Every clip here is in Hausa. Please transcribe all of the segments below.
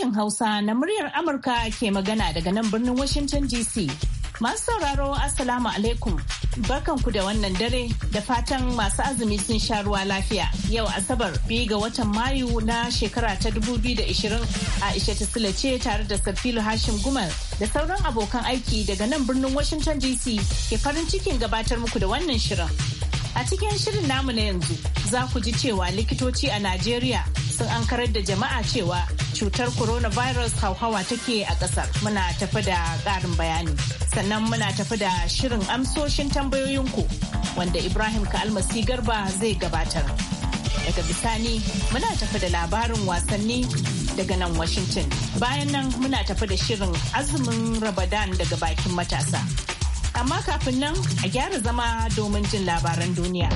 sashen Hausa na muryar Amurka ke magana daga nan birnin Washington DC. Masu sauraro Assalamu alaikum. Barkanku da wannan dare da fatan masu azumi sun sha ruwa lafiya. Yau Asabar biyu ga watan Mayu na shekara ta 2020 Aisha Tisila ce tare da Safilu Hashim Gumal da sauran abokan aiki daga nan birnin Washington DC ke farin cikin gabatar muku da wannan shirin. A cikin shirin namu na yanzu za ku ji cewa likitoci a Najeriya sun ankarar da jama'a cewa cutar coronavirus hauhawa take a ƙasar. Muna tafi da ƙarin bayani. Sannan muna tafi da shirin amsoshin tambayoyinku wanda Ibrahim Ka'almasi Garba zai gabatar. Daga bisani muna tafi da labarin wasanni daga nan Washington. Bayan nan muna tafi da shirin azumin Ramadan daga bakin matasa. Amma kafin nan a gyara zama domin jin labaran duniya.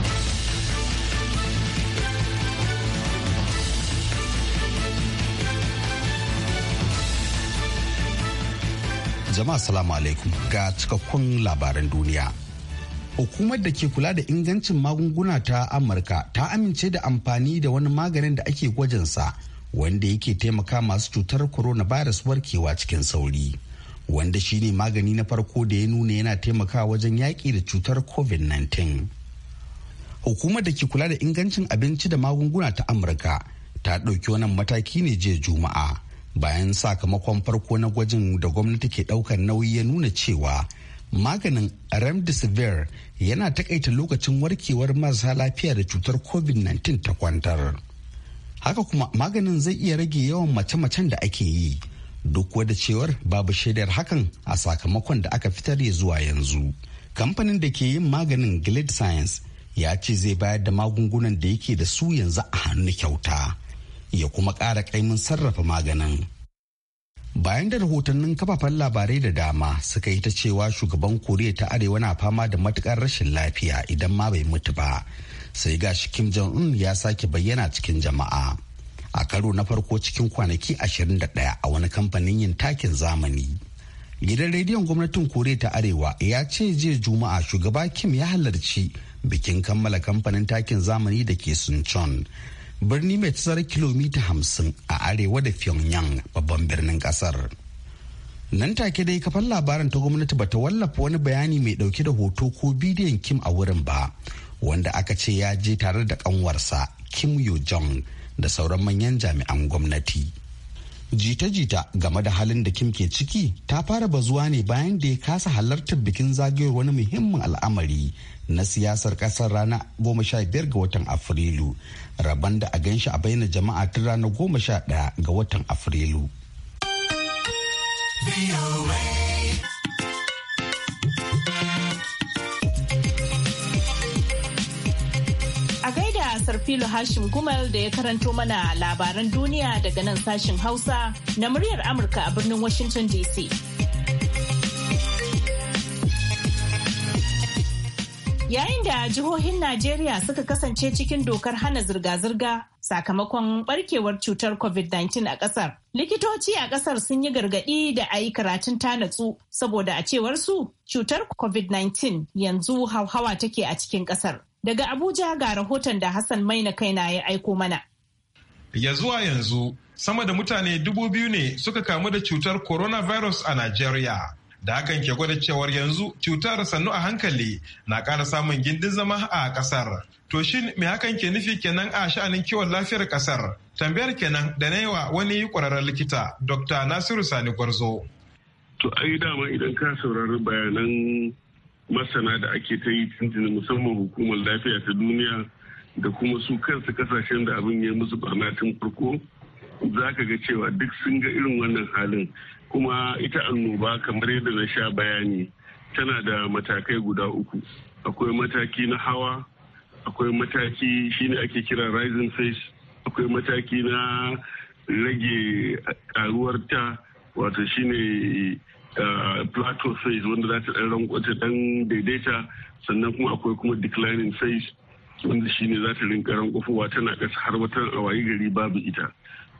Jama'a salamu alaikum ga cikakkun labaran duniya. Hukumar da ke kula da ingancin magunguna ta Amurka ta amince da amfani da wani maganin da ake gwajinsa wanda yake taimaka masu cutar coronavirus warkewa cikin sauri. wanda shine magani na farko da ya nuna yana taimakawa wajen yaƙi da cutar covid-19 hukumar da ke kula da ingancin abinci da magunguna ta amurka ta ɗauki wannan mataki ne jiya juma'a bayan sakamakon farko na gwajin da gwamnati ke ɗaukar nauyi ya nuna cewa maganin remdesivir yana takaita lokacin warkewar marasa lafiya da cutar covid-19 ta kwantar haka kuma maganin zai iya rage yawan mace-macen da ake yi duk wadda cewar babu shaidar hakan a sakamakon da aka fitar ya zuwa yanzu kamfanin da ke yin maganin glade science ya ce zai bayar da magungunan da yake da su yanzu a hannu kyauta ya kuma ƙara ƙaimin sarrafa maganin bayan da rahotannin kafafen labarai da dama suka yi ta cewa shugaban koriya ta arewa na fama da matukar rashin lafiya idan ma bai mutu ba sai gashi kim jong un ya sake bayyana cikin jama'a a karo na farko cikin kwanaki 21 a wani kamfanin yin takin zamani. Gidan rediyon gwamnatin Koriya ta Arewa ya ce jiya Juma'a shugaba Kim ya halarci bikin kammala kamfanin takin zamani da ke Suncheon. Birni mai tsar kilomita hamsin a arewa da Pyongyang babban birnin kasar. Nan take dai kafan labarin ta gwamnati bata wallafa wani bayani mai dauke da hoto ko bidiyon Kim a wurin ba. wanda aka ce ya je tare da kanwarsa kim yo jong da sauran manyan jami'an gwamnati jita-jita game da halin da kim ke ciki ta fara bazuwa ne bayan da ya kasa halartar bikin zagayowar wani muhimmin al'amari na siyasar kasar rana goma sha biyar ga watan afrilu rabon da a gan shi a bayyana jama'a tun ranar goma sha ɗaya ga watan afrilu. Filo Hashim Gumal da ya karanto mana labaran duniya daga nan sashin Hausa na muryar Amurka a birnin Washington DC. Yayin da jihohin Najeriya suka kasance cikin dokar hana zirga-zirga sakamakon barkewar cutar COVID-19 a kasar. Likitoci a kasar sun yi gargaɗi da a yi karatun tanatsu saboda a cewar su cutar COVID-19 yanzu hauhawa take a cikin kasar. Daga Abuja ga rahoton da Hassan Maina kaina ya aiko mana. Ya zuwa yanzu sama da mutane dubu biyu ne suka kamu da cutar coronavirus a Najeriya. Da hakan ke gwada cewar yanzu cutar sannu a hankali na ƙara samun gindin zama a ƙasar. To shin me hakan ke nufi kenan a sha'anin kiwon lafiyar ƙasar? Tambayar kenan da na wa wani ƙwararren likita Dr. Nasiru Sani Gwarzo. To ai dama idan ka saurari bayanan masana da ake ta yi tuntuni musamman hukumar lafiya ta duniya da kuma su kansu kasashen da abin ya musu barna tun farko za ka ga cewa duk sun ga irin wannan halin kuma ita annoba kamar yadda na sha bayani tana da matakai guda uku akwai mataki na hawa akwai mataki shine ake kira rising face akwai mataki na rage karuwar ta wato shine Eh, plateau phase wanda za ta dan rankwata dan daidaita sannan kuma akwai kuma declining phase wanda shine za ta rinka rankwafowa tana ƙasa har wata awayi gari babu ita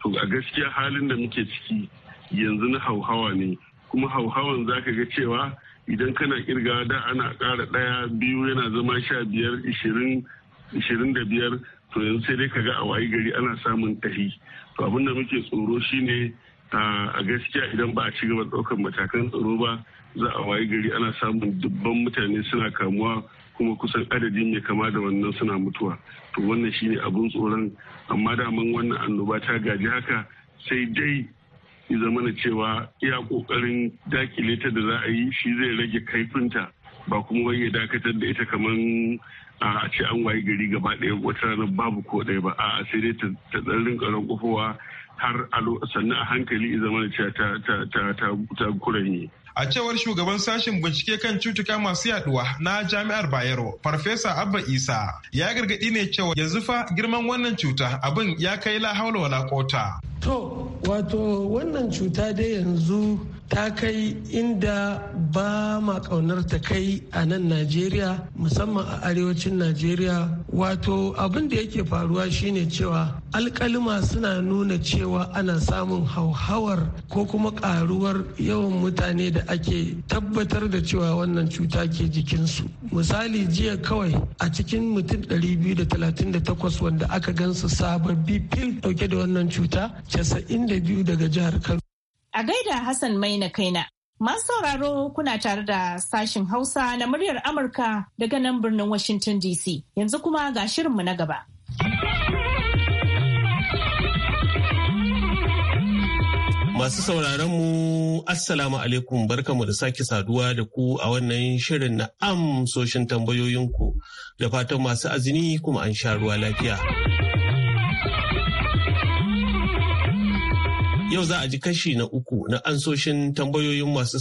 to a gaskiya halin da muke ciki yanzu na hauhawa ne kuma hauhawan za ka ga cewa idan kana kirga da ana ƙara ɗaya biyu yana zama sha biyar ishirin da biyar to yanzu sai dai ka ga awayi gari ana samun tahi to abin da muke tsoro shine a gaskiya idan ba a ci gaba ɗaukar matakan tsaro ba za a wayi gari ana samun dubban mutane suna kamuwa kuma kusan adadi mai kama da wannan suna mutuwa to wannan shine abun tsoron amma daman wannan annoba ta gaji haka sai dai ya zamana cewa iya kokarin dakile ta da za a yi shi zai rage kaifinta ba kuma wai ya dakatar da ita kamar a ce an waye gari gaba ɗaya wata ranar babu ko ɗaya ba a'a sai dai ta ɗan rinka kofowa har sannan a hankali zama ta ta ta ta A cewar shugaban sashen bincike kan cutuka masu yaduwa na jami'ar Bayero, Farfesa Abba Isa, ya gargadi ne cewa yanzu fa girman wannan cuta abin ya kai la haula wala kota. To, wato wannan cuta dai yanzu ta kai inda ba ma kaunar ta kai a nan najeriya musamman a arewacin najeriya wato abin da yake faruwa shine cewa alkalima suna nuna cewa ana samun hauhawar ko kuma karuwar yawan mutane da da ake tabbatar da cewa wannan cuta ke jikinsu misali jiya kawai a cikin mutum 238 wanda aka gansu sababbi fil dauke da wannan cuta 92 daga jihar kano a gaida hassan mai na kai na Masu sauraro kuna tare da sashin Hausa na muryar Amurka daga nan birnin Washington DC. Yanzu kuma ga shirinmu na gaba. Masu sauraron mu Assalamu alaikum barkamu da sake saduwa da ku a wannan shirin na amsoshin tambayoyinku da fatan masu azini kuma an sha ruwa lafiya. Yau za a ji kashi na uku na ansoshin tambayoyin masu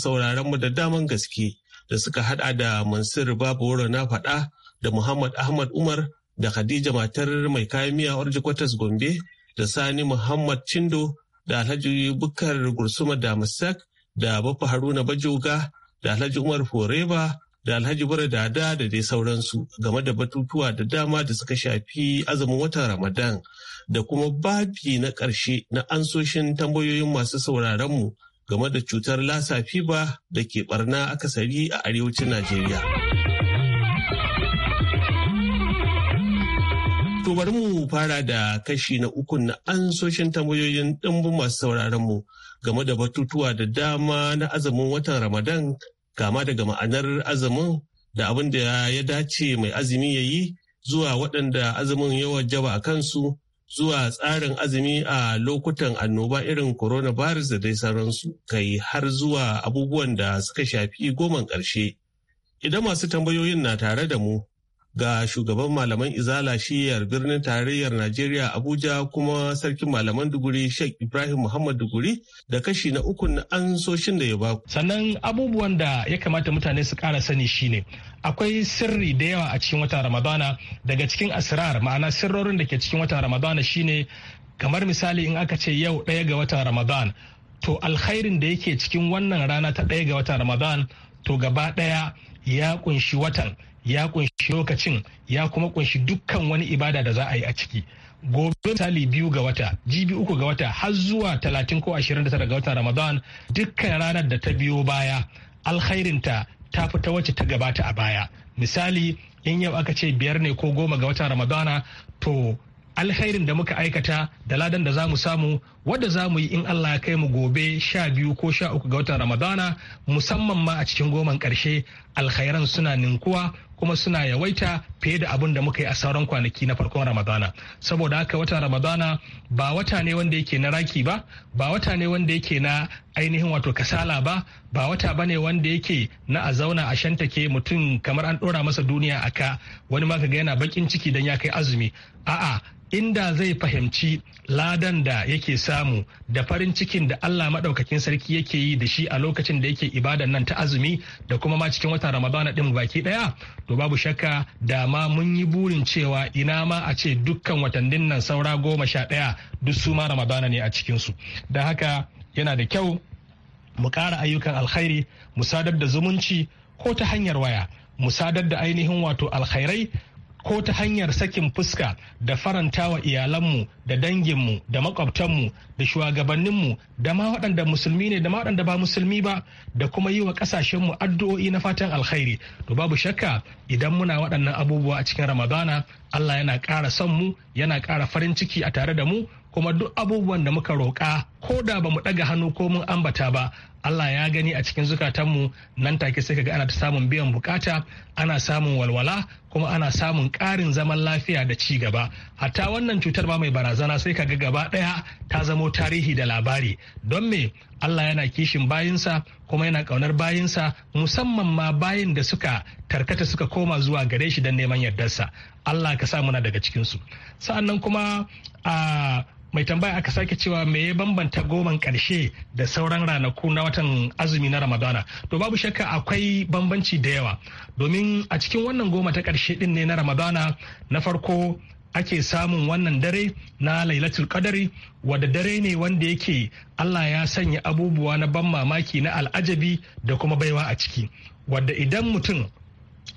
mu da daman gaske da suka hada da Mansur Babu na faɗa da Muhammad Ahmad Umar da Khadija matar mai kayan miya kwatas Gombe da Sani Muhammad Chindo da Alhaji Bukar Gursuma Masak. da Baffa Haruna Bajoga da Alhaji Umar Foreba da Alhaji Baradada Dada da dai sauransu game da batutuwa da dama da suka shafi azumin watan Ramadan da kuma babi na ƙarshe na ansoshin tambayoyin masu sauraronmu game da cutar lasa fiba da ke barna akasari a arewacin Najeriya. To bari mu fara da kashi na ukun na ansoshin tambayoyin ɗimbin masu sauraronmu game da batutuwa da dama na azumin watan Ramadan kama daga ma'anar azumin da abin da ya dace mai azumi ya yi zuwa waɗanda azumin ya wajaba a kansu zuwa tsarin azumi a lokutan annoba irin corona coronavirus da dai sauransu kai har zuwa abubuwan da suka shafi goman ƙarshe. Idan masu tambayoyin na tare da mu ga shugaban malaman izala shiyar birnin tarayyar najeriya abuja kuma sarkin malaman duguri sheikh ibrahim muhammad duguri da kashi na uku na ansoshin da ya ba sannan abubuwan da ya kamata mutane su kara sani shine akwai sirri da yawa a cikin watan ramadana daga cikin asrar ma'ana sirrorin da ke cikin watan ramadana shine kamar misali in aka ce yau ɗaya ga watan ramadan to alkhairin da yake cikin wannan rana ta ɗaya ga watan ramadan to gaba ɗaya ya kunshi watan ya kunshi lokacin ya kuma kunshi dukkan wani ibada da za a yi a ciki gobe misali biyu ga wata jibi uku ga wata har zuwa talatin ko ashirin da tara ga watan ramadan dukkan ranar da ta biyo baya alkhairinta ta fi ta wacce ta gabata a baya misali in yau aka ce biyar ne ko goma ga watan ramadana to alkhairin da muka aikata da ladan da za mu samu wadda za mu yi in Allah ya kai mu gobe sha biyu ko sha uku ga watan Ramadana musamman ma a cikin goman ƙarshe alkhairan suna ninkuwa kuma suna yawaita fiye da abin da muka yi a sauran kwanaki na farkon ramadana saboda haka watan ramadana ba wata ne wanda yake na raki ba ba wata ne wanda yake na ainihin wato kasala ba ba wata ba ne wanda yake na a zauna a shantake mutum kamar an dora masa duniya a ka wani ma kaga yana bakin ciki don ya kai azumi a'a inda zai fahimci ladan da yake samu da farin cikin da Allah maɗaukakin sarki yake yi da shi a lokacin da yake ibadan nan ta azumi da kuma ma cikin watan Ramadana ɗin baki ɗaya to babu shakka da ma mun yi burin cewa ina ma a ce dukkan watannin nan saura goma sha ɗaya duk su ma ramadana ne a cikinsu da haka yana da kyau mu ƙara ayyukan alkhairi mu sadar da zumunci ko ta hanyar waya mu sadar da ainihin wato alkhairai ko ta hanyar sakin fuska da farantawa iyalanmu da danginmu da makwabtanmu da shugabanninmu da ma waɗanda musulmi ne da ma waɗanda ba musulmi ba da kuma yi wa ƙasashenmu addu'o'i na fatan alkhairi to babu shakka idan muna waɗannan abubuwa a cikin ramadana allah yana ƙara son mu yana ƙara farin ciki a tare da mu kuma duk abubuwan da muka roƙa ko da ba mu ɗaga hannu ko mun ambata ba Allah ya gani a cikin zukatanmu nan take sai kaga ana ta samun biyan bukata ana samun walwala kuma ana samun ƙarin zaman lafiya da ci gaba hatta wannan cutar ba mai barazana sai kaga gaba ɗaya ta zamo tarihi da labari don me Allah yana kishin bayinsa kuma yana ƙaunar bayinsa musamman ma bayin da suka tarkata suka koma zuwa gare shi don neman yardarsa Allah ka sa muna daga cikinsu sa'annan kuma a ah, mai tambaya aka sake cewa me ya bambanta goman karshe da sauran ranaku na watan azumi na ramadana to babu shakka akwai bambanci da yawa domin a cikin wannan goma ta karshe din ne na ramadana na farko ake samun wannan dare na lailatul qadari wadda dare ne wanda yake allah ya sanya abubuwa na ban mamaki na al'ajabi da kuma baiwa a ciki wadda idan mutum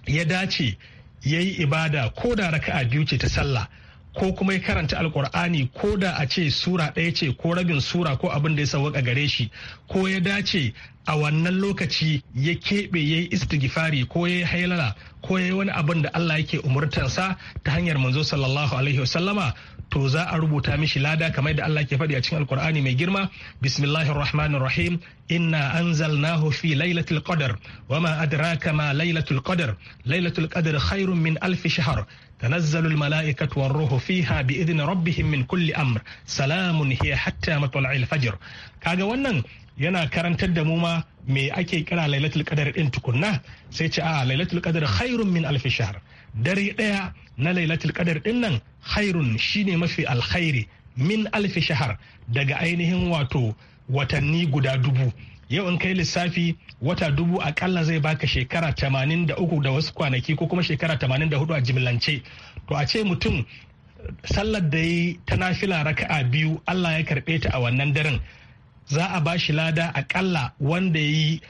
ya dace ya yi ibada ko da raka'a biyu ce ta sallah ko kuma ya karanta alkur'ani ko da a ce sura ɗaya ce ko rabin sura ko abin da ya sauka gare shi ko ya dace a wannan lokaci ya keɓe ya yi istighfari ko ya yi hailala ko ya yi wani abin da Allah yake umurtansa ta hanyar manzo sallallahu alaihi wasallama to za a rubuta mishi lada kamar da Allah ke faɗi a cikin alkur'ani mai girma bismillahir rahmanir rahim inna anzalnahu fi lailatul qadr wama adraka ma lailatul qadr lailatul qadr khairun min alf shahr تنزل الملائكة والروح فيها بإذن min kulli كل أمر سلام hatta حتى مطلع الفجر كاغا wannan yana karantar da mu ma me ake kira lailatul qadr din tukunna sai ce a lailatul qadr khairun min alf shahr dare ɗaya na lailatul qadar ɗin nan hairun shine mafi alkhairi min alfi shahar daga ainihin wato watanni guda dubu yau in kai lissafi wata dubu akalla zai baka shekara tamanin da uku da wasu kwanaki ko kuma shekara tamanin da hudu a jimlance to a ce mutum sallar da yi ta nafila raka'a biyu allah ya karɓe ta a wannan daren za a bashi lada akalla wanda ya yi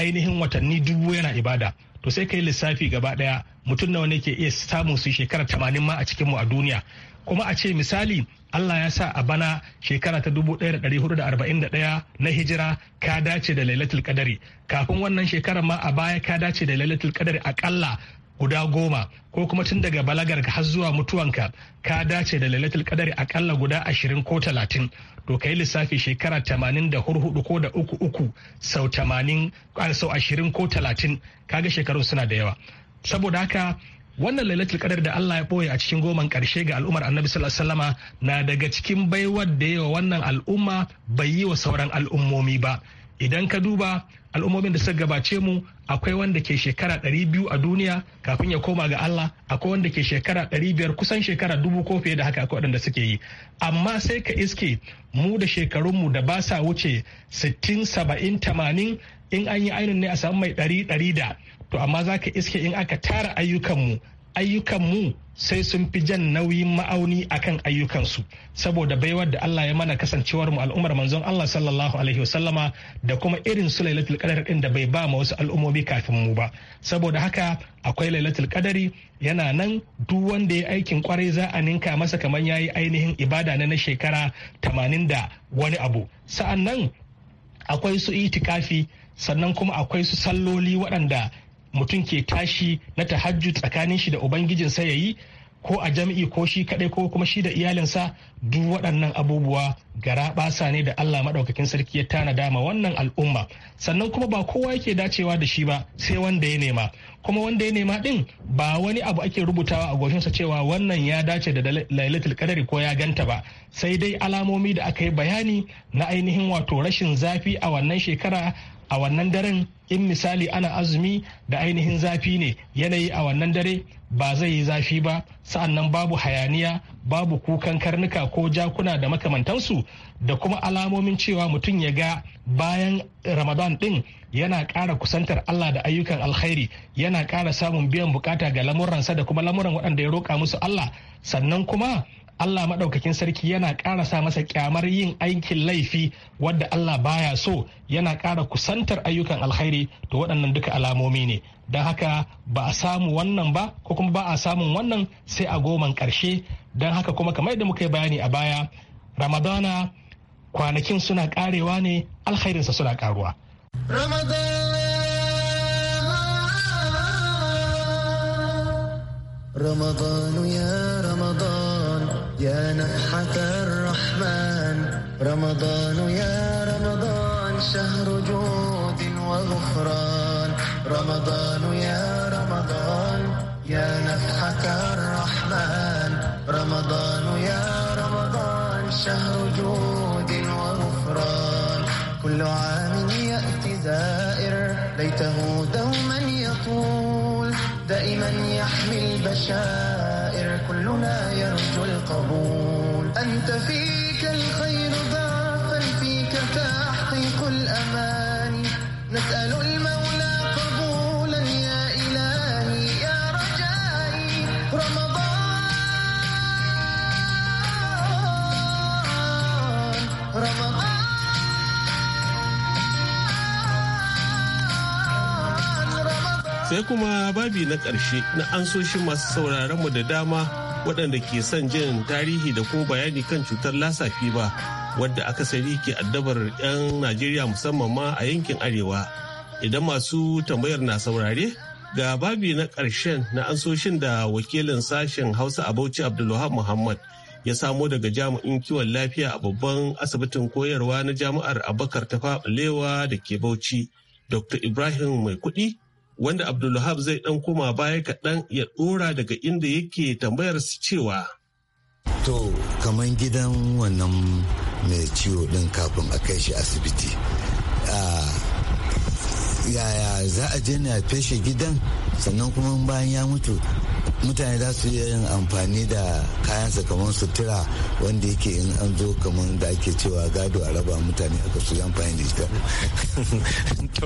ainihin watanni dubu yana ibada to sai kai lissafi gaba daya mutum nawa ne ke iya samun su shekara tamanin ma a cikin mu a duniya kuma a ce misali Allah ya sa a bana shekara ta dubu da da da hudu arba'in 1441 na hijira ka dace da lailatul kadari kafin wannan shekarar ma a baya ka dace da lailatul kadari akalla guda goma ko kuma tun daga balagar har zuwa mutuwanka ka dace da lailatul kadari akalla guda ashirin ko talatin to ka yi lissafi shekara tamanin da hurhudu ko da uku uku sau tamanin sau ashirin ko talatin kaga shekarun suna da yawa saboda haka wannan lailatul kadar da Allah ya boye a cikin goman karshe ga al'ummar Annabi sallallahu alaihi wasallama na daga cikin baiwar da yawa wannan al'umma bai yi wa sauran al'ummomi ba idan ka duba al'ummomin da suka gabace mu akwai wanda ke shekara ɗari biyu a duniya kafin ya koma ga Allah akwai wanda ke shekara ɗari biyar kusan shekara dubu ko fiye da haka akwai waɗanda suke yi amma sai ka iske mu da shekarunmu da ba sa wuce sittin saba'in tamanin in an yi ainin ne a samu mai ɗari ɗari da to amma za ka iske in aka tara ayyukanmu ayyukanmu sai sun fi jan nauyin ma'auni akan ayyukansu saboda baiwar da Allah ya mana kasancewar mu al'ummar manzon Allah sallallahu alaihi wasallama da kuma irin su lailatul qadar din da bai ba ma wasu al'ummomi kafin mu ba saboda haka akwai lailatul qadari yana nan duk wanda ya aikin kwarai za a ninka masa kamar yayi ainihin ibada na na shekara 80 da wani abu sa'an nan akwai su itikafi sannan kuma akwai su salloli waɗanda mutum ke tashi na tahajjud tsakanin shi da ubangijinsa ya yi ko a jam'i ko shi kaɗai ko kuma shi da iyalinsa duk waɗannan abubuwa gara basa ne da Allah maɗaukakin sarki ya tanadama dama wannan al'umma sannan kuma ba kowa yake dacewa da shi ba sai wanda ya nema kuma wanda ya nema din ba wani abu ake rubutawa a goshinsa cewa wannan ya dace da lailatul kadari ko ya ganta ba sai dai alamomi da aka yi bayani na ainihin wato rashin zafi a wannan shekara a wannan daren in misali ana azumi da ainihin zafi ne yanayi a wannan dare ba zai yi zafi ba sa'annan babu hayaniya babu kukan karnuka ko jakuna da makamantansu da kuma alamomin cewa mutum ya ga bayan ramadan din yana ƙara kusantar allah da ayyukan alkhairi yana ƙara samun biyan bukata ga lamuransa da kuma lamuran waɗanda ya roƙa musu allah sannan kuma allah maɗaukakin sarki yana ƙara sa masa kyamar yin aikin laifi wadda allah baya so yana ƙara kusantar ayyukan alkhairi to waɗannan duka alamomi ne don haka ba a samu wannan ba ko kuma ba a samun wannan sai a goman ƙarshe don haka kuma kamar da muka yi bayani a baya ramadana kwanakin suna karewa ne alkhairinsa suna karuwa رمضان يا رمضان يا نفحة الرحمن رمضان يا رمضان شهر جود وغفران رمضان يا رمضان يا نفحة الرحمن رمضان يا رمضان شهر جود غفران كل عام يأتي زائر ليته دوما يطول دائما يحمي البشائر كلنا يرجو القبول أنت فيك الخير ضعفا فيك تحقيق الأماني نسأل الموت sai kuma babi na ƙarshe na ansoshin masu sauraronmu da dama waɗanda ke son jin tarihi da kuma bayani kan cutar lasa ba wadda akasari ke addabar 'yan najeriya musamman ma a yankin arewa idan masu tambayar na saurare ga babi na ƙarshen na ansoshin da wakilin sashen hausa a bauchi abdulwahab muhammad ya samo daga jami'in kiwon lafiya a babban asibitin koyarwa na jami'ar abakar tafa lewa da ke bauchi dr ibrahim mai kuɗi wanda Abdulhab zai ɗan koma baya kaɗan ya ɗora daga inda yake tambayar su cewa. To, kamar gidan wannan mai ciwo ɗin kafin a kai shi asibiti. Yaya za a je na feshe gidan sannan kuma bayan ya mutu mutane za su iya yin amfani da kayansa kamar sutura wanda yake in an zo kamar da ake cewa gado a raba mutane aka su yi amfani da ita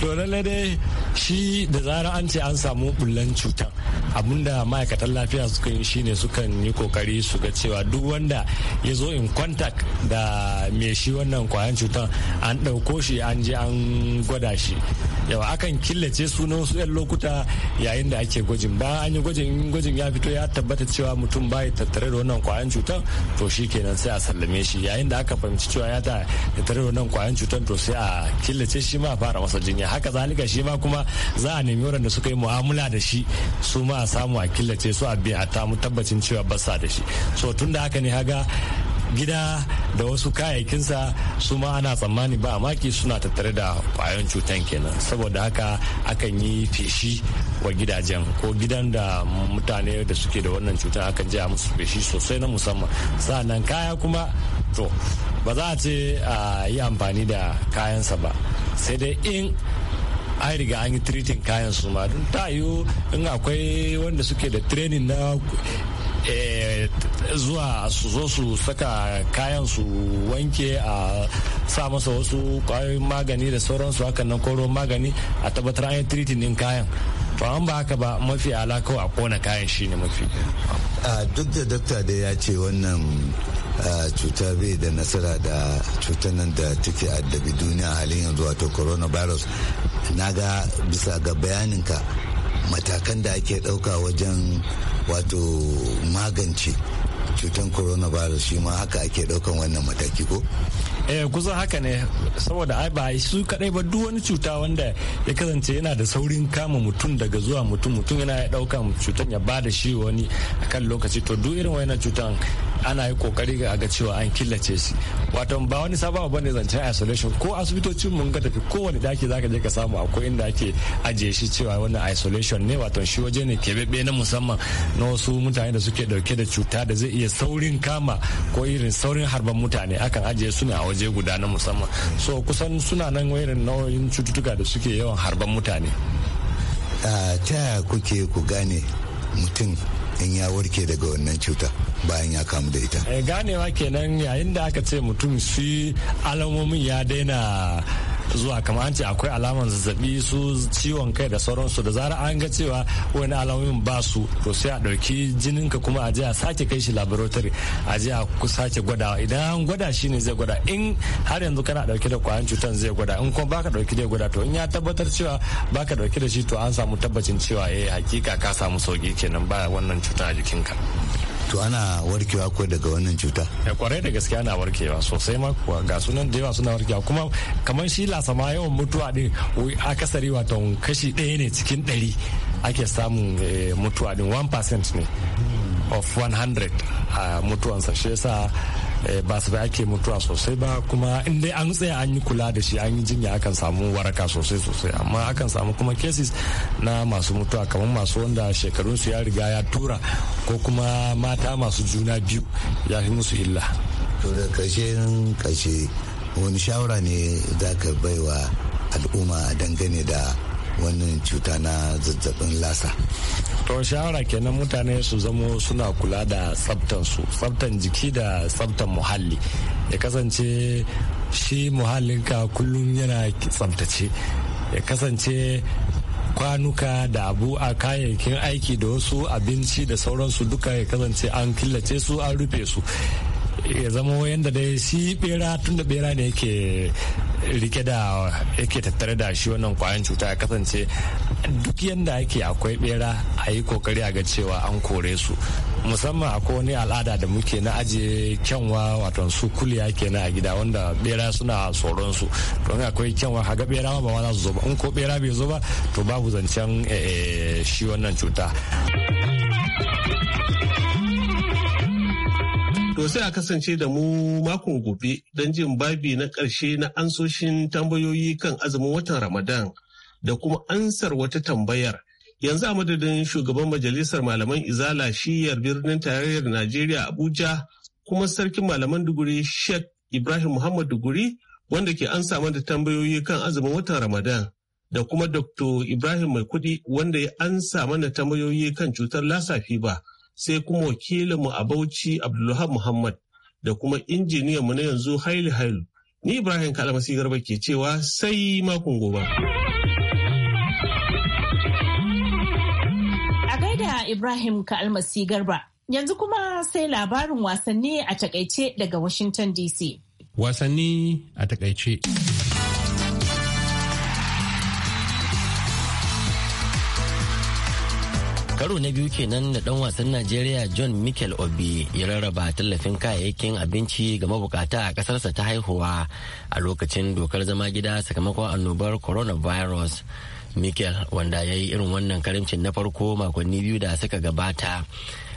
to lallai dai shi da zarar an ce an samu bullan cutar abinda ma'aikatan lafiya suka yi shine sukan yi kokari su ga cewa duk wanda ya zo in contact da me shi wannan kwayan cutar an ɗauko shi an je an gwada shi yawa akan killace sunan su 'yan lokuta yayin da ake gwajin bayan an yi gwajin in gwajin ya fito ya tabbata cewa mutum bai tattare da wannan kwayan cutar to shi kenan sai a sallame shi yayin da aka fahimci cewa ya ta tattare da wannan kwayan cutar to sai a killace shi ma fara masa jinya haka zalika shi ma kuma za a nemi waɗanda suka yi mu'amala da shi su ma a samu a killace su a biya a tamu tabbacin cewa basa da shi so tun da haka ne haga gida da wasu kayayyakinsa su ma ana tsammani ba maki suna tattare da kwayon cutan kenan saboda haka akan yi feshi wa gidajen ko gidan da mutane da suke da wannan cutar akan je a musu feshi sosai na musamman sa'annan kaya kuma to ba za a ce a yi amfani da kayansa ba sai dai in an riga an yi treating kayan su ma don ta yiwu in akwai wanda suke da training na Eh, zuwa su zo su saka kayan su wanke a sa masa wasu kwayoyin magani da sauransu hakan nan koro magani a tabbatar an yi tiriti din kayan to an ba haka ba mafi alaka a kona kayan shi ne mafi duk da dokta da ya ce wannan cuta bai da nasara da cutar nan da take addabi duniya halin yanzu wato coronavirus na ga bisa ga bayaninka matakan da ake ɗauka wajen wato magance cutar coronavirus shi ma haka ake ɗaukan wannan mataki ko? eh kusan haka ne saboda ai ba su kadai ba duk wani cuta wanda ya kasance yana da saurin kama mutum daga zuwa mutum mutum yana ya dauka cutar ya bada da shi wani akan lokaci to duk irin wannan cutar ana yi kokari ga ga cewa an killace shi wato ba wani sababa ne zancen isolation ko asibitocin mun ga tafi kowane daki zaka je ka samu akwai inda ake ajiye shi cewa wannan isolation ne wato shi waje ne kebebe na musamman na wasu mutane da suke dauke da cuta da zai iya saurin kama ko irin saurin harban mutane akan ajiye su ne a waje guda na musamman so kusan suna nan irin nau'in cututtuka da suke yawan harban mutane ah, ta kuke ku gane mutum in ya warke daga wannan cuta bayan ya kamu da ita eh, ganewa kenan yayin da aka ce mutum shi alamomin ya daina zuwa kamar an ce akwai alaman zazzabi su ciwon kai da sauransu da zara an ga cewa wani alamomin ba su to sai a ɗauki jinin ka kuma a je a sake kai shi laboratory a je a sake gwadawa idan an gwada shi ne zai gwada in har yanzu kana ɗauke da kwayan cutar zai gwada in kuma baka ɗauki zai gwada to in ya tabbatar cewa baka ɗauke da shi to an samu tabbacin cewa eh hakika ka samu sauki kenan ba wannan cuta a jikinka. to ana warkewa ko daga wannan cuta ya eh, kwarai da gaske ana warkewa sosai ma kuwa ga sunan da yawa suna warkewa kuma kamar shi lasama yawan mutuwa din akasari wato kashi ɗaya ne cikin ɗari ake samun eh, mutuwa din 1% ne of 100 a ah, mutuwansa shi yasa Eh, ba su ake mutuwa sosai ba kuma in dai an tsaya an yi kula da shi an yi jinya akan samu waraka sosai sosai amma akan samu kuma cases na masu mutuwa kamar masu wanda shekarun su ya riga ya tura ko kuma mata masu juna biyu ya fi musu illa to da karshe karshe wani shawara ne za ka baiwa al'umma dangane da wannan cuta na zazzabin lasa to shawara kenan mutane su zamo suna kula da tsaftan su tsaftan jiki da tsaftan muhalli ya kasance shi muhallinka kullum yana tsaftace ya kasance kwanuka da abu a kayayyakin aiki da wasu abinci da sauransu duka ya kasance an killace su an rufe su ya zama yadda dai shi bera tun da bera ne yake rike da yake tattare da shi wannan kwayan cuta ya kasance duk yadda ake akwai bera a yi kokari a ga cewa an kore su musamman akwai wani al'ada da muke na ajiye kyanwa wato su kuliya kenan a gida wanda bera suna tsoron su don akwai kyanwa haga bera ba ma za su zo ba in ko bera bai zo ba to babu zancen eh, eh, shi wannan cuta. To sai a kasance da mu makon gobe don jin babi na ƙarshe na ansoshin tambayoyi kan azumin watan Ramadan da kuma ansar wata tambayar. Yanzu a madadin shugaban majalisar malaman Izala shiyar birnin tarayyar Najeriya Abuja kuma sarkin malaman Duguri Sheikh Ibrahim Muhammad Duguri wanda ke ansa da tambayoyi kan azumin watan Ramadan da kuma Dr. Ibrahim Maikudi wanda ya ansa mana tambayoyi kan cutar lasa ba. sai kuma wakilinmu a Bauchi Abdulhab Muhammad da kuma mu na yanzu Haili Hailu. Ni Ibrahim Kalmasi Garba ke cewa sai makon gobe. A gaida Ibrahim Kalmasi Garba. Yanzu kuma sai labarin wasanni a takaice daga Washington DC. Wasanni a takaice. karo na biyu kenan da dan wasan najeriya john michael obi ya rarraba tallafin kayayyakin abinci ga mabukata a kasarsa ta haihuwa a lokacin dokar zama gida sakamakon annobar coronavirus michael wanda ya yi irin wannan karimcin na farko makonni biyu da suka gabata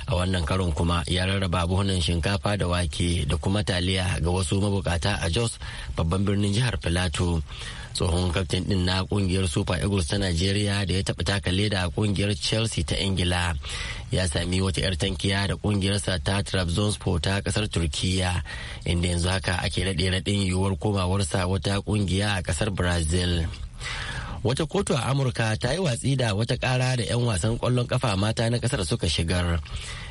a wannan karon kuma ya rarraba buhunan shinkafa da wake da kuma taliya ga wasu mabukata a jos babban birnin jihar filato tsohon kaftin din na kungiyar super eagles ta nigeria da ya taɓa taka leda a kungiyar chelsea ta ingila ya sami wata 'yar tankiya da kungiyarsa ta trabzonspor ta kasar turkiya inda yanzu haka ake raɗe-raɗin yiwuwar komawarsa wata kungiya a kasar brazil wata kotu a amurka ta yi watsi da wata kara da 'yan wasan kwallon kafa mata na kasar suka shigar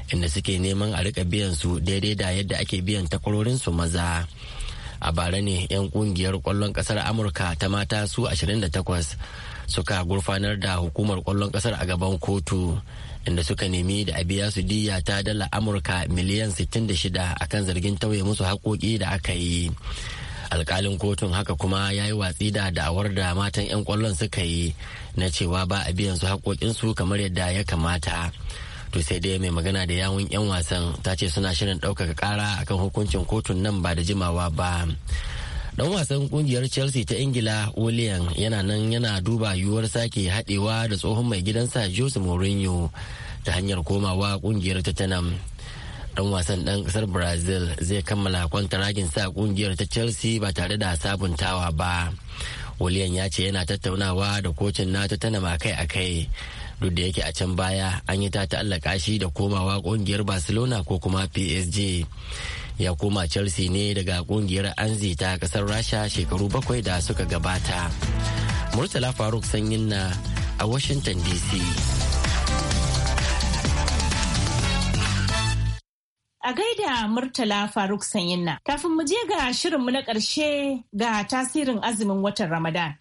inda suke neman a rika biyan su daidai da yadda ake biyan takwarorin su maza a bara ne 'yan kungiyar kwallon kasar amurka ta mata su 28 suka gurfanar da hukumar kwallon kasar a gaban kotu inda suka nemi da a biya su diya ta dala amurka miliyan 66 akan zargin tauye musu haƙoƙi da aka yi alkalin kotun haka kuma ya yi watsi da da'awar da matan 'yan kwallon suka yi na cewa ba a biyan su haƙoƙinsu kamar yadda ya kamata to sai dai mai magana da yawun 'yan wasan ta ce suna shirin ɗaukaka ƙara akan hukuncin kotun nan ba da jimawa ba dan wasan kungiyar chelsea ta ingila william yana nan yana duba yiwuwar sake haɗewa da tsohon mai gidansa jose mourinho ta hanyar komawa kungiyar tottenham dan wasan dan kasar brazil zai kammala kwantaragin sa kungiyar ta chelsea ba tare da sabuntawa ba william ya ce yana tattaunawa da kocin na ta tanama kai a kai duk da yake a can baya an yi ta ta'allaka shi da komawa kungiyar barcelona ko kuma psg ya koma chelsea ne daga kungiyar anzi ta kasar rasha shekaru bakwai da suka gabata murtala faruk sanyin na a washington dc A gaida Murtala Faruk Sanyinna. Kafin mu je ga shirin mu na ƙarshe ga tasirin azumin watan Ramadan.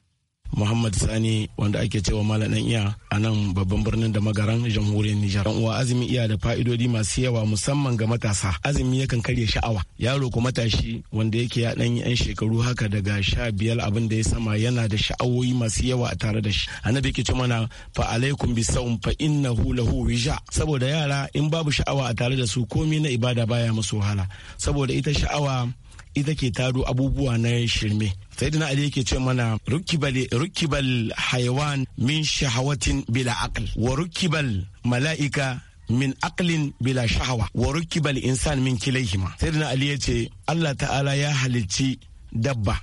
muhammad sani wanda ake cewa malam iya a nan babban birnin da magaran jamhuriyar nijar dan uwa azumi iya da fa'idodi masu yawa musamman ga matasa azumi yakan karya sha'awa yaro ko matashi wanda yake ya dan yan shekaru haka daga sha biyar abin da ya sama yana da sha'awoyi masu yawa a tare da shi annabi yake ce mana fa alaikum bi saum fa innahu lahu wija saboda yara in babu sha'awa a tare da su komai na ibada baya musu wahala saboda ita sha'awa ita ke taro abubuwa na shirme dina ali yake ce mana rukibal rukibal hayawan min shahawatin bila aql wa rukibal mala'ika min aqlin bila shahawa wa rukibal insan min kilayhima dina ali yace Allah ta'ala ya halicci dabba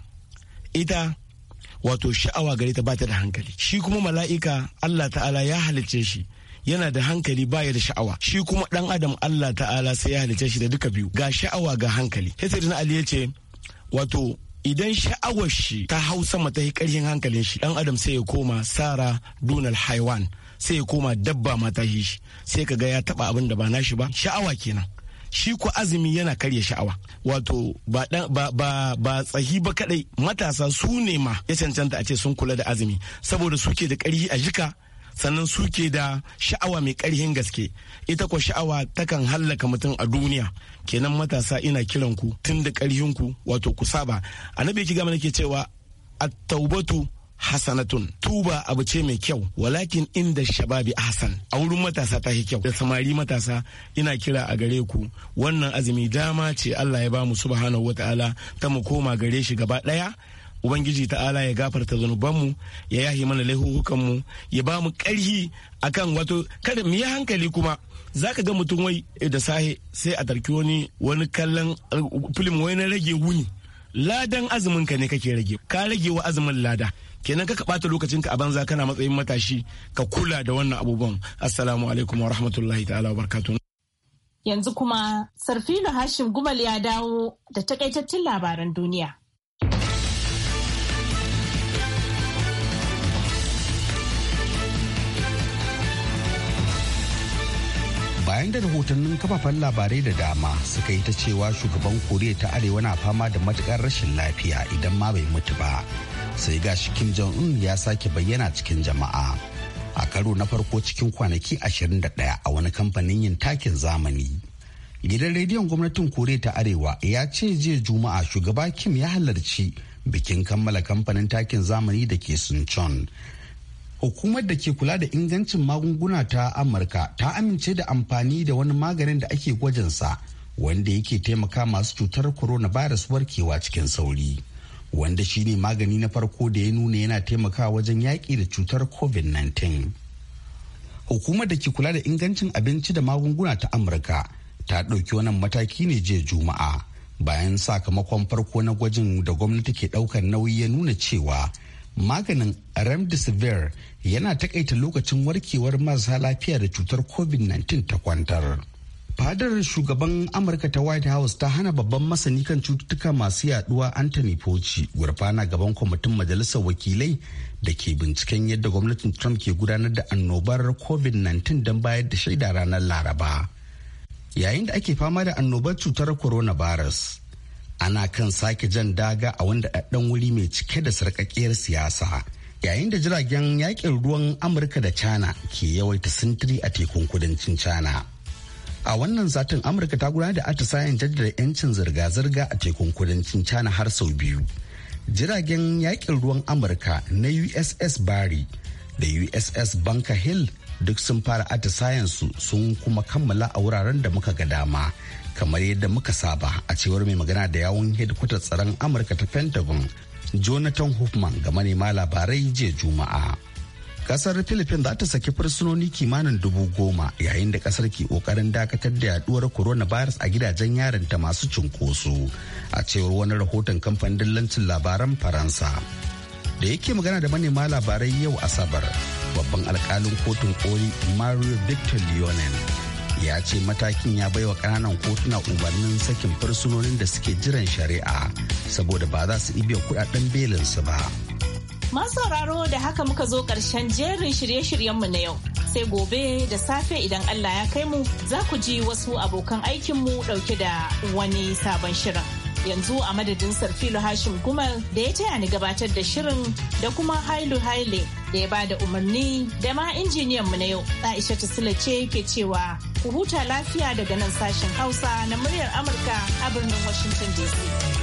ita wato sha'awa gare ta bata da hankali shi kuma mala'ika Allah ta'ala ya halicce shi yana da hankali baya da sha'awa shi kuma dan adam Allah ta'ala sai ya halice shi da duka biyu ga sha'awa ga hankali sai na Ali yace wato idan sha'awar shi ta hau sama ta yi ƙarfin hankalin shi dan adam sai ya koma sara dunal haiwan sai ya koma dabba mata shi sai ka ga ya taba abin da ba nashi ba sha'awa kenan shi ko azumi yana karya sha'awa wato ba ba ba ba tsahi ba kadai matasa su ne ma ya cancanta a ce sun kula da azumi saboda suke da karhi a jika sannan suke da sha'awa mai ƙarhin gaske ita ko sha'awa takan hallaka mutum a duniya kenan matasa ina kiran ku tun da ƙarhin ku wato ku saba annabi ki gama nake cewa at-taubatu hasanatun tuba abu ce mai kyau walakin inda shababi hasan a wurin matasa ta yi kyau da samari matasa ina kira a gare ku wannan azumi dama ce Allah ya bamu subhanahu wataala ta mu koma gare shi gaba daya ubangiji ta'ala ya gafarta zunubanmu ya yahi mana laihuhukanmu ya ba mu ƙarhi akan wato kada mu yi hankali kuma za ka ga mutum wai da sahe sai a tarki wani wani kallon uh, filin wai na rage wuni ladan azumin ka ne kake rage ka rage wa azumin lada kenan ka ɓata lokacin ka a banza kana matsayin matashi ka kula da wannan abubuwan assalamu alaikum wa rahmatullahi ta'ala wa barakatuh yanzu kuma sarfilo hashim gumal ya dawo da takaitattun labaran duniya yayin da rahotannin kafafen labarai da dama suka yi ta cewa shugaban koriya ta arewa na fama da matukar rashin lafiya idan ma bai mutu ba sai ga shi kim jong un ya sake bayyana cikin jama'a a karo na farko cikin kwanaki 21 a wani kamfanin yin takin zamani gidan rediyon gwamnatin koriya ta arewa ya ce jiya juma'a shugaba kim ya halarci bikin kammala kamfanin takin zamani da ke sunchon Hukumar da ke kula da ingancin magunguna ta Amurka ta amince da amfani da wani maganin da ake gwajinsa wanda yake taimaka masu cutar corona coronavirus warkewa cikin sauri. Wanda shi ne magani na farko da ya nuna yana taimakawa wajen yaƙi da cutar COVID-19. Hukumar da ke kula da ingancin abinci da magunguna ta Amurka ta ɗauki wannan mataki ne jiya Juma'a bayan sakamakon farko na gwajin da gwamnati ke ɗaukar nauyi ya nuna cewa maganin remdesivir yana takaita lokacin warkewar marasa lafiya da cutar covid-19 ta kwantar fadar shugaban amurka ta white house ta hana babban masani kan cututtuka masu yaduwa anthony fauci gurfana gaban kwamitin majalisar wakilai da ke binciken yadda gwamnatin trump ke gudanar da annobar covid-19 don bayar da shaida ranar laraba yayin da ake fama da annobar cutar coronavirus ana kan sake jan daga a wanda ɗaɗɗan wuri mai cike da sarƙaƙiyar siyasa yayin da jiragen yakin ruwan amurka da china ke yawaita sintiri a tekun kudancin china a wannan satin amurka ta gudanar da atisayen jaddada 'yancin zirga-zirga a tekun kudancin china har sau biyu jiragen yakin ruwan amurka na uss bari da uss banka hill duk sun fara atisayensu sun kuma kammala a wuraren da muka ga dama kamar yadda muka saba a cewar mai magana da yawun hedkwatar tsaron amurka ta pentagon jonathan hoffman ga manema labarai jiya juma'a kasar philippines za ta saki fursunoni kimanin dubu goma yayin da kasar ke kokarin dakatar da yaduwar coronavirus a gidajen yaranta masu cunkoso a cewar wani rahoton kamfanin dillancin labaran faransa da yake magana da manema labarai yau asabar babban alkalin kotun koli mario victor leonel ya ce matakin ya baiwa kananan kotuna umarnin sakin fursunonin da suke jiran shari'a saboda ba za su ibiya kudaden su ba. Masu sauraro da haka muka zo ƙarshen jerin shirye-shiryenmu na yau. Sai gobe da safe idan Allah ya kai mu za ku ji wasu abokan aikinmu ɗauke da wani sabon shirin. Yanzu a madadin Sarfilu Hashim Gumal da ya taya ni gabatar da shirin da kuma Hailu Haile da ya bada umarni da ma injiniyan mu na yau aisha sula ce ke cewa ku huta lafiya daga nan sashen hausa na muryar amurka a birnin washington dc